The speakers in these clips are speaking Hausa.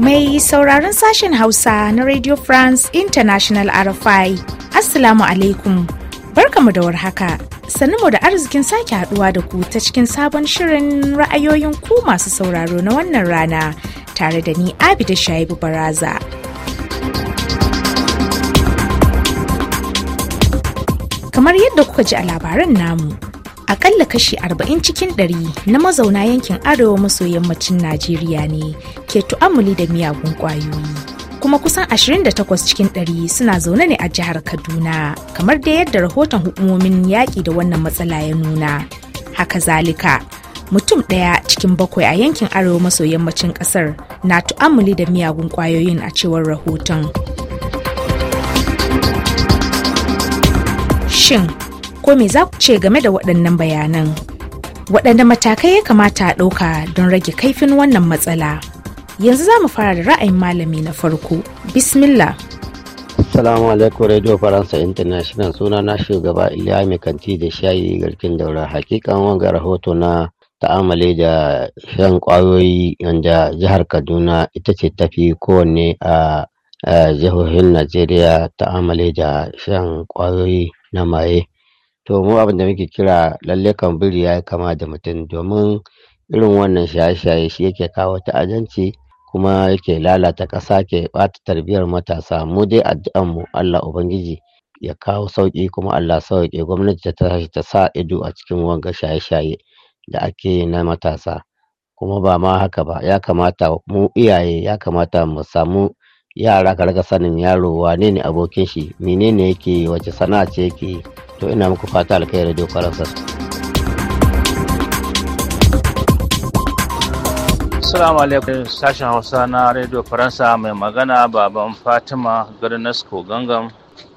Mai sauraron sashen Hausa na Radio France International RFI, Assalamu alaikum, barkamu da warhaka. mu da arzikin sake haduwa da ku ta cikin sabon shirin ra'ayoyin ku masu sauraro na wannan rana tare da ni abi da Shaibu Baraza. Kamar yadda kuka ji a labaran namu, akalla kashi 40 cikin 100 na mazauna yankin arewa maso yammacin najeriya ne ke tu'amuli da miyagun kwayoyi kuma kusan 28 cikin 100 suna zaune ne a jihar kaduna kamar da yadda rahoton hukumomin yaƙi da wannan matsala ya nuna haka zalika mutum ɗaya cikin bakwai a yankin arewa maso yammacin ƙasar na tu'amuli da miyagun kwayoyin a cewar rahoton shin ko me za ku ce game da waɗannan bayanan waɗanne matakai ya kamata a ɗauka don rage kaifin wannan matsala yanzu za mu fara da ra'ayin malami na farko bismillah Salamu alaikum Radio Faransa International suna na shugaba Iliya mai kanti da shayi garkin daura hakikan wanga rahoto na ta'amali da shan kwayoyi wanda jihar Kaduna ita ce tafi kowanne a jihohin Najeriya ta'amali da shan kwayoyi na maye to mu abin da muke kira lalle kan biri ya yi kama da mutum domin irin wannan shaye-shaye shi yake kawo ta ajanci kuma yake lalata ƙasa ke ɓata tarbiyyar matasa mu dai addu'an mu Allah ubangiji ya kawo sauƙi kuma Allah sauƙi gwamnati ta tashi ta sa ido a cikin wanga shaye-shaye da ake yi na matasa kuma ba ma haka ba ya kamata mu iyaye ya kamata mu samu yara ka raka sanin yaro wane ne abokin shi menene yake wace sana'a ce yake to ina muku fata alkai radio faransa Assalamu alaikum sashen Hausa na Radio Faransa mai magana baban Fatima garin Nasko gangan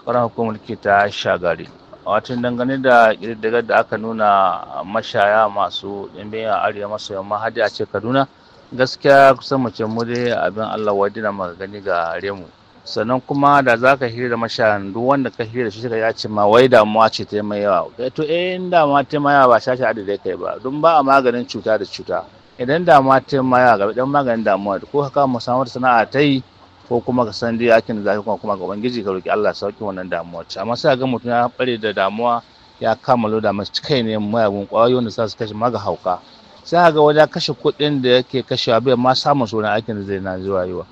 kwarar hukumar ta shagari. Watan dangane da ƙididdigar da aka nuna mashaya masu ɗimbin a arewa maso yamma hadi a ce Kaduna gaskiya kusan mace mu dai abin Allah wadina magani ga remu. sannan kuma da za ka hira da mashayan wanda ka hira da shi ya ce ma wai damuwa ce ta mai yawa eh, to eh in damuwa ta mai yawa ba shashi adada kai ba don ba a maganin cuta da cuta idan damuwa ta mai yawa gaba dan maganin damuwa ko haka mu samu sana'a ta yi ko kuma ka san dai aikin da zaka kuma kuma ga ubangiji ka roki Allah sauki wannan damuwa amma sai ga mutum ya bare da damuwa ya kama loda masu kai ne mayagun kwayoyin da za su kashe maga hauka sai a ga wajen kashe kuɗin da yake kashewa bai ma samun sunan aikin da zai na zuwa yiwa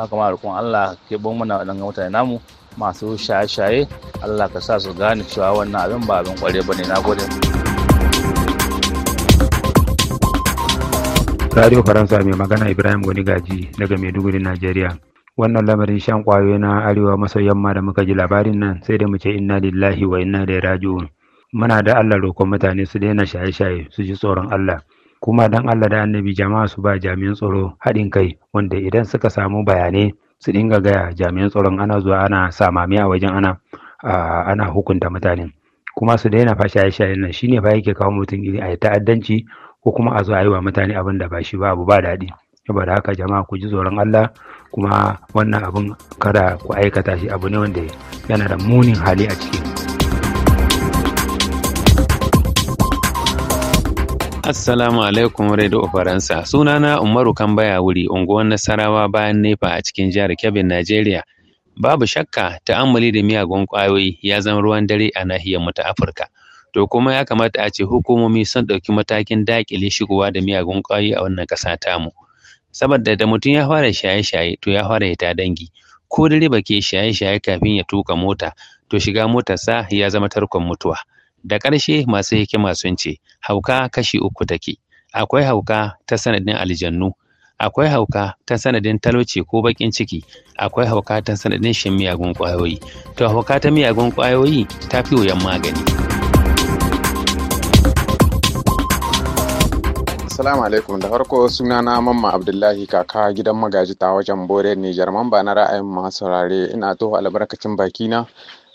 haka ma roƙon Allah ke bon mana waɗannan mutane namu masu shaye-shaye Allah ka sa su gane cewa wannan abin ba abin kware bane na gode Radio Faransa mai magana Ibrahim Goni Gaji daga Maiduguri, Najeriya. Wannan lamarin shan kwayoyi na arewa maso yamma da muka ji labarin nan sai da ce, inna lillahi wa inna ilaihi raji'un. Muna da Allah roƙon mutane su daina shaye-shaye su ji tsoron Allah. kuma dan Allah da annabi jama'a su ba jami'an tsaro haɗin kai wanda idan suka samu bayanai su dinga gaya jami'an tsaron ana zuwa ana samami a wajen ana ana hukunta mutane kuma su daina fashi shaye-shayen nan shine ba yake kawo mutum iri a ta'addanci ko kuma a zo a yi wa mutane abin da ba shi ba abu ba daɗi saboda haka jama'a ku ji tsoron Allah kuma wannan abin kada ku aikata shi abu ne wanda yana da munin hali a ciki Assalamu alaikum Radio Faransa. Sunana Umaru Kambaya wuri unguwar Nasarawa bayan Nefa a cikin jihar Kebbi, Najeriya. Babu shakka ta'amali da miyagun kwayoyi ya zama ruwan dare a nahiyar mu ta Afirka. To kuma ya kamata a ce hukumomi sun ɗauki matakin daƙile shigowa da miyagun kwayoyi a wannan ƙasa tamu. Saboda da mutum ya fara shaye-shaye to ya fara ta dangi. Ko dare ba ke shaye-shaye kafin ya tuka mota to shiga motarsa ya zama tarkon mutuwa. Da ƙarshe masu hikima sun ce, hauka kashi uku take, akwai hauka ta sanadin aljannu, akwai hauka ta sanadin talauci ko baƙin ciki, akwai hauka ta sanadin shan miyagun ƙwayoyi. To hauka ta miyagun ƙwayoyi ta fi wuyan magani. Assalamu alaikum da farko na Mamma Abdullahi kaka gidan magaji ta wajen Bore Nijar mamba na ra'ayin masu rare ina toho albarkacin bakina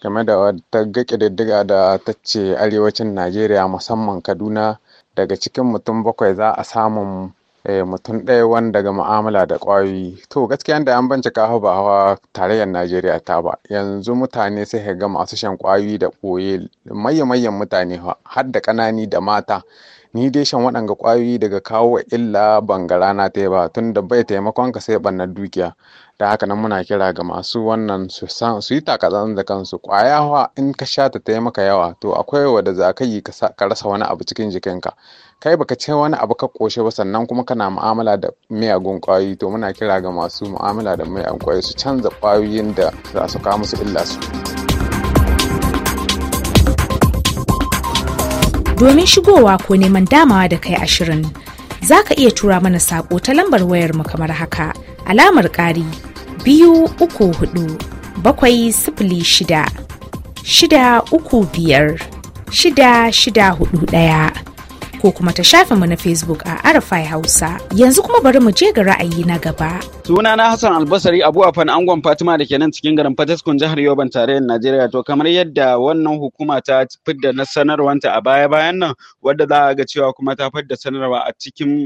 game da wata ƙididdiga da ta ce arewacin najeriya musamman kaduna daga cikin mutum bakwai za a samu eh, mutum ɗaya wanda daga mu'amala da ƙwayoyi to gaskiya da an bincika hau ba hawa tarayyar najeriya ta ba yanzu mutane sai ka ga masu shan ƙwayoyi da ɓoye mayyan mutane har da ƙanani da mata ni dai shan waɗanga ƙwayoyi daga kawo illa ga rana ta ba tun da bai taimakon ka sai ɓannar dukiya da haka nan muna kira ga masu wannan su yi takatsan da kansu kwaya wa in ka sha ta taimaka yawa to akwai wadda za ka yi ka rasa wani abu cikin jikinka kai baka ce wani abu ka koshe ba sannan kuma kana mu'amala da miyagun kwayoyi to muna kira ga masu mu'amala da miyagun kwayoyi su canza kwayoyin da za su kawo musu illa su domin shigowa ko neman damawa da kai ashirin za ka iya tura mana saƙo ta lambar wayar mu kamar haka alamar ƙari biyu uku hudu bakwai sifili shida shida uku biyar shida shida hudu ɗaya. ko kuma ta shafe mu na Facebook a Arafai Hausa. Yanzu kuma bari mu je ga ra'ayi na gaba. Suna na Hassan Albasari Abu Afan Angon Fatima da ke nan cikin garin Fataskun jihar Yoban tarayyar Najeriya to kamar yadda wannan hukuma ta fidda na sanarwanta a baya-bayan nan wadda za a ga cewa kuma ta fidda sanarwa a cikin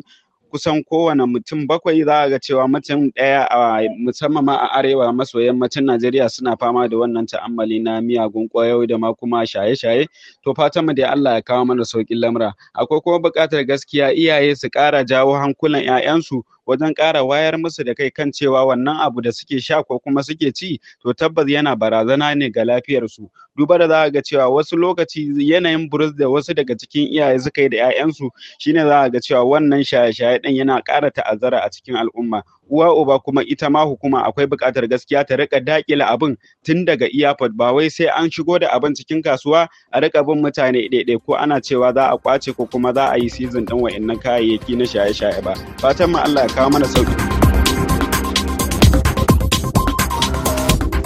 kusan kowane mutum bakwai za a ga cewa mutum ɗaya a musamman ma a arewa maso yammacin Najeriya suna fama da wannan ta'ammali na miyagun ƙwayoyi da ma kuma shaye-shaye to fatan mu dai Allah ya kawo mana sauƙin lamura akwai kuma buƙatar gaskiya iyaye su ƙara jawo hankulan 'ya'yansu wajen ƙara wayar musu da kai kan cewa wannan abu da suke sha ko kuma suke ci to tabbas yana barazana ne ga lafiyarsu duba da za ga cewa wasu lokaci yanayin burus da wasu daga cikin iyaye suka yi da 'ya'yansu shine za ga cewa wannan shaye-shaye ɗin yana ƙara ta'azzara a cikin al'umma uwa uba kuma ita ma hukuma akwai buƙatar gaskiya ta rika dakila abin tun daga iyafot ba wai sai an shigo da abin cikin kasuwa a rika bin mutane ɗaiɗai ko ana cewa za a kwace ko kuma za a yi season ɗin wa'annan kayayyaki na shaye-shaye ba fatan ma Allah ya kawo mana sauki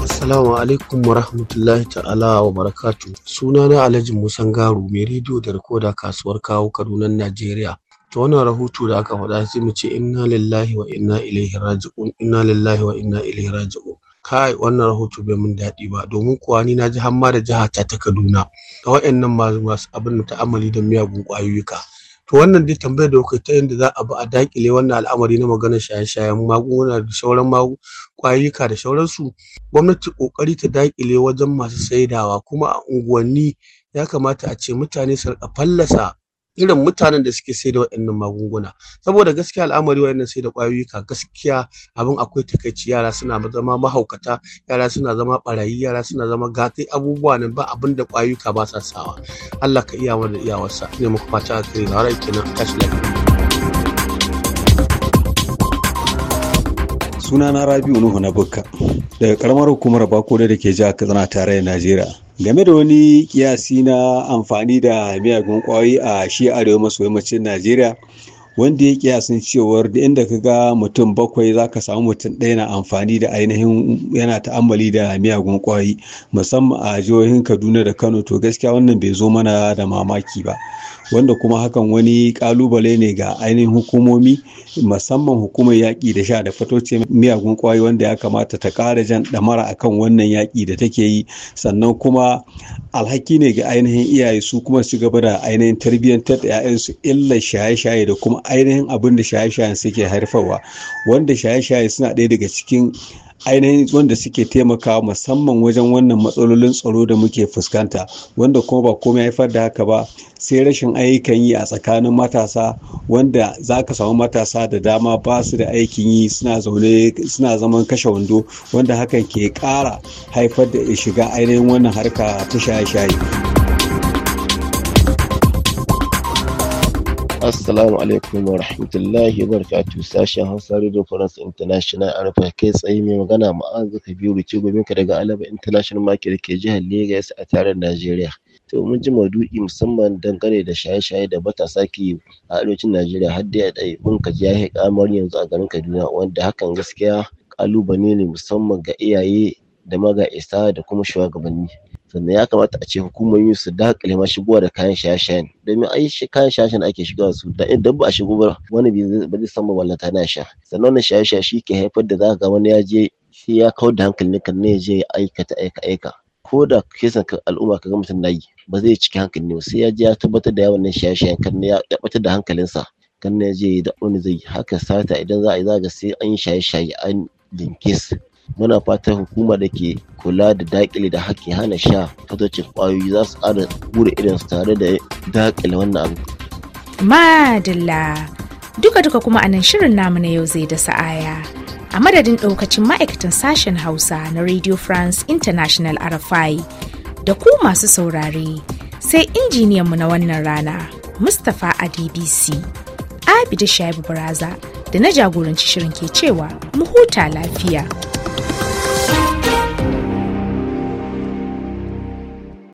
Assalamu alaikum wa rahmatullahi ta'ala wa barakatu. Sunana Alhaji Musan Garu mai rediyo da rikoda kasuwar kawo Kaduna Najeriya. to wannan rahoto da aka faɗa sai mu ce inna lillahi wa inna ilaihi raji'un inna lillahi wa inna ilaihi raji'un kai wannan rahoto bai mun daɗi ba domin kuwa ni na ji har ma da jiha ta ta Kaduna ga ma masu abin da ta'amali da miyagun ƙwayoyika to wannan dai tambayar da kuka ta yadda za a bi a dakile wannan al'amari na magana shaye-shayen magunguna da sauran ƙwayoyika da sauransu gwamnati ƙoƙari ta dakile wajen masu saidawa kuma a unguwanni ya kamata a ce mutane su fallasa irin mutanen da suke sai da waɗannan magunguna saboda gaskiya al'amari waɗannan sai da ƙwayoyi ka gaskiya abin akwai takaici yara suna zama mahaukata yara suna zama ɓarayi yara suna zama gatai abubuwa ne ba abin da ƙwayoyi ka ba sa sawa Allah ka iya mana iyawarsa ne muku fata alkhairi na raiki nan tashi lafiya suna na rabiu nuhu na bukka daga karamar hukumar bako da ke jihar katsina tare da najeriya game da wani kiyasi na amfani da miyagun kwayoyi a shi arewa maso yammacin najeriya wanda ya kiyasin cewar da inda ka ga mutum bakwai za ka samu mutum ɗaya na amfani da ainihin yana ta'ammali da miyagun kwayoyi musamman a jihohin kaduna da kano to gaskiya wannan bai zo mana da mamaki ba wanda kuma hakan wani kalubale ne ga ainihin hukumomi musamman hukumar yaƙi da sha da fatoce miyagun ƙwayo wanda ya kamata ta ƙara jan ɗamara akan wannan yaƙi da take yi sannan kuma alhaki ne ga ainihin iyaye su kuma su gaba da ainihin tarbiyyantar da 'ya'yansu illa shaye-shaye da kuma ainihin abin da shaye-shayen suke haifarwa wanda shaye-shaye suna ɗaya daga cikin ainihin wanda suke taimakawa musamman wajen wannan matsalolin tsaro da muke fuskanta wanda kuma ba komai haifar da haka ba sai rashin ayyukan yi a tsakanin matasa wanda za ka samu matasa da dama ba su da aikin yi suna zaune suna zaman kashe wando wanda hakan ke ƙara haifar da shiga ainihin wannan harka ta shaye-shaye. Assalamu alaikum wa rahmatullahi wa barakatu sashen Hausa Radio France International Arafa kai tsaye mai magana ma'azu Kabiru ce gobin ka daga Alaba International Market ke jihar Lagos a tarin Najeriya. To mun ji maudu'i musamman dangane da shaye-shaye da matasa ke a arewacin Najeriya har da ya mun ka ji ya kamar yanzu a garin Kaduna wanda hakan gaskiya kalubale ne musamman ga iyaye da maga isa da kuma shugabanni. sannan ya kamata a ce hukumomi su dakile ma shigowa da kayan shaye-shayen domin ai kayan shaye-shayen da ake shigowa su da idan ba a shigo ba wani ba zai san maballanta na sha sannan wannan shaye-shaye shi ke haifar da zaka ga wani ya je shi ya kawar da hankalin kan ne je ya aikata aika-aika ko da kesan al'umma ka ga mutum na yi ba zai ciki hankali ne sai ya je ya tabbatar da ya wannan shaye-shayen kan ya batar da hankalinsa kan ne ya je da wani zai haka sata idan za a yi za ga sai an yi shaye-shaye an linkis muna fatan hukuma da ke kula da dakile da haƙƙin hana sha fatocin ƙwayoyi za su ƙara gure irin su tare da dakile wannan abu. madalla duka-duka kuma a nan shirin namu na yau zai da sa'aya a madadin ɗaukacin ma'aikatan sashen hausa na radio france international rfi da ku masu saurare sai injiniyanmu na wannan rana mustapha adbc abida shaibu baraza da na jagoranci shirin ke cewa mu huta lafiya.